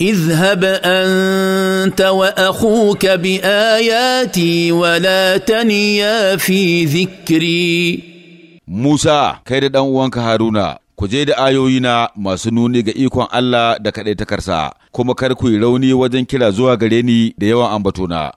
اذهب انت واخوك باياتي ولا تنيا في ذكري موسى kai da ɗan uwanka haruna ku je da ayoyina masu nuni ga ikon Allah da kaɗaitakarsa kuma kar ku yi rauni wajen kira zuwa gare ni da yawan ambatona